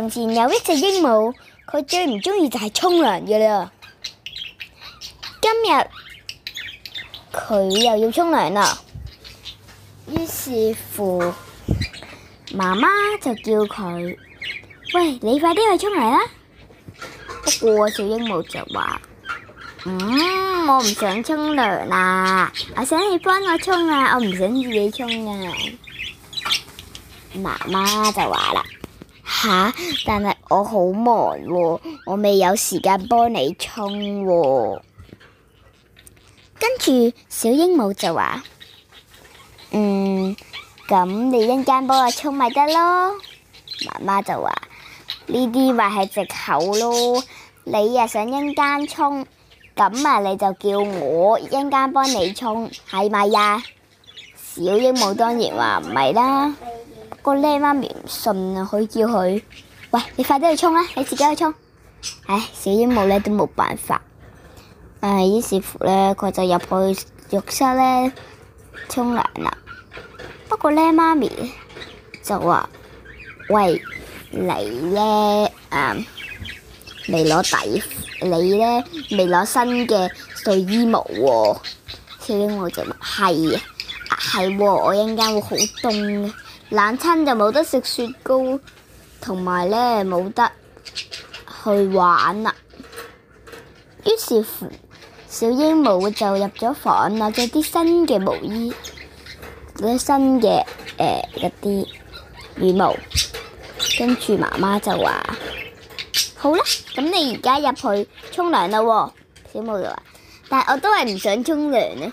從前有一隻鸚鵡，佢最唔中意就係沖涼嘅啦。今日佢又要沖涼啦，於是乎，媽媽就叫佢：喂，你快啲去沖涼啦！不過小鸚鵡就話：嗯，我唔想沖涼啦，我想你幫我沖啊，我唔想自己沖啊。媽媽就話啦。吓！但係我好忙喎、哦，我未有時間幫你沖、哦。跟住小鸚鵡就話：嗯，咁你一陣間幫我沖咪得咯？媽媽就話：呢啲話係借口咯。你啊想一陣間沖，咁啊你就叫我一陣間幫你沖，係咪呀？小鸚鵡當然話唔係啦。個靚媽咪唔信啊，佢叫佢，喂，你快啲去沖啦，你自己去沖。唉，小鸚鵡咧都冇辦法。唉，於是乎咧，佢就入去浴室咧沖涼啦。不過靚媽咪就話：喂，你咧誒未攞底，你咧未攞新嘅睡衣帽喎。小鸚鵡就話：係啊，係喎，我一陣間會好凍嘅。冷親就冇得食雪糕，同埋咧冇得去玩啦。於是乎，小鸚鵡就入咗房攞咗啲新嘅毛衣，嗰新嘅誒一啲羽毛。跟住媽媽就話：好啦，咁你而家入去沖涼啦喎。小鸚鵡就話：但係我都係唔想沖涼嘅。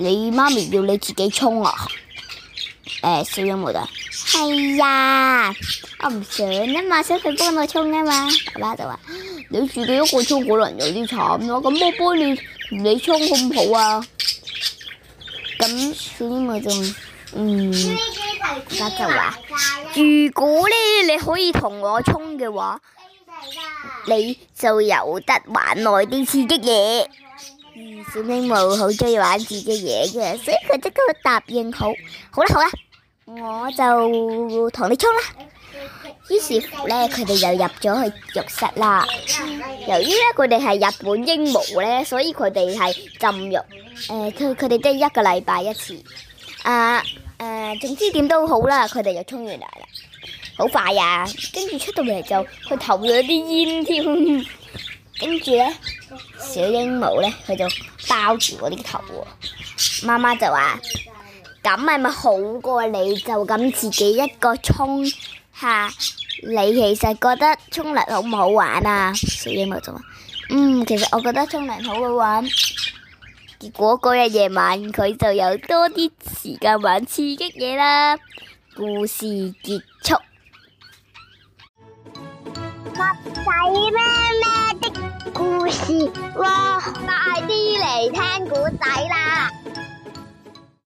你媽咪要你自己沖啊？誒，小鸚鵡啊，係呀，我唔想啊嘛，想佢幫我沖啊嘛。爸爸就話：你自己一個沖可能有啲慘咯，咁我幫你，你沖好唔好啊？咁小鸚鵡就嗯，就話：如果咧你可以同我沖嘅話，你就有得玩耐啲刺激嘢。小鸚鵡好中意玩自己嘢嘅，所以佢即刻答應好。好啦好啦，我就同你沖啦。於是乎咧，佢哋又入咗去浴室啦。由於咧佢哋係日本鸚鵡咧，所以佢哋係浸浴。誒、呃，佢佢哋即係一個禮拜一次。啊誒、呃，總之點都好啦，佢哋又沖完啦，好快呀、啊。跟住出到嚟就佢投咗啲煙添。跟住咧。小鸚鵡呢，佢就包住我啲頭喎。媽媽就話：咁係咪好過你？就咁自己一個沖下。你其實覺得沖涼好唔好玩啊？小鸚鵡就話：嗯，其實我覺得沖涼好好玩。結果嗰日夜晚佢就有多啲時間玩刺激嘢啦。故事結束。襪仔咩？哇！快啲嚟聽故仔啦！